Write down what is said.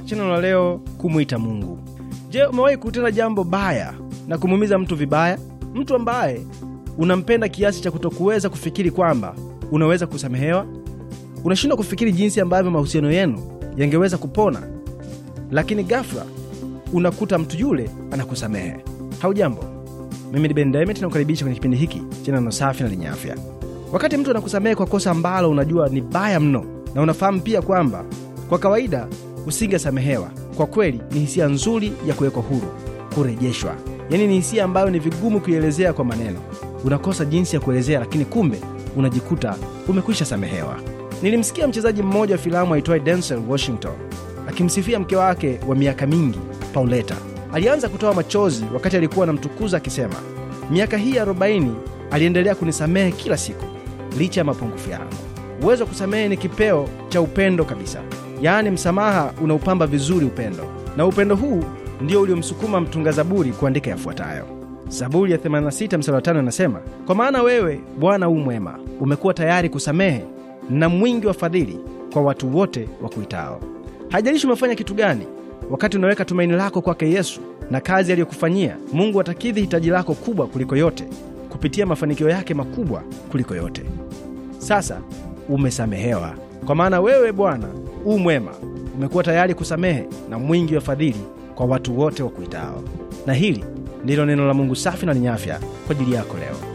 Kichwa cha neno la leo, kumwita Mungu. Je, umewahi kutenda jambo baya na kumuumiza mtu vibaya? Mtu ambaye unampenda kiasi cha kutokuweza kufikiri kwamba unaweza kusamehewa? Unashindwa kufikiri jinsi ambavyo mahusiano yenu yangeweza kupona, lakini ghafla unakuta mtu yule anakusamehe. Haujambo, mimi ni Ben na kukaribisha kwenye kipindi hiki cha neno safi na lenye afya. Wakati mtu anakusamehe kwa kosa ambalo unajua ni baya mno na unafahamu pia kwamba kwa kawaida usingesamehewa. Kwa kweli ni hisia nzuri ya kuwekwa huru, kurejeshwa, yaani ni hisia ambayo ni vigumu kuielezea kwa maneno. Unakosa jinsi ya kuelezea, lakini kumbe unajikuta umekwisha samehewa. Nilimsikia mchezaji mmoja wa filamu aitwaye Denzel Washington akimsifia mke wake wa miaka mingi Pauleta. Alianza kutoa machozi wakati alikuwa anamtukuza akisema, miaka hii arobaini aliendelea kunisamehe kila siku licha ya mapungufu yangu. Uwezo wa kusamehe ni kipeo cha upendo kabisa yaani msamaha unaupamba vizuri upendo, na upendo huu ndio uliomsukuma mtunga Zaburi kuandika yafuatayo. Zaburi ya 86 mstari wa 5 inasema, kwa maana wewe Bwana u mwema, umekuwa tayari kusamehe na mwingi wa fadhili kwa watu wote wa kuitao. Haijalishi umefanya kitu gani, wakati unaweka tumaini lako kwake Yesu na kazi aliyokufanyia, Mungu atakidhi hitaji lako kubwa kuliko yote kupitia mafanikio yake makubwa kuliko yote. Sasa umesamehewa, kwa maana wewe Bwana u mwema umekuwa tayari kusamehe na mwingi wa fadhili kwa watu wote wa kuitao. Na hili ndilo neno la Mungu safi na lenye afya kwa ajili yako leo.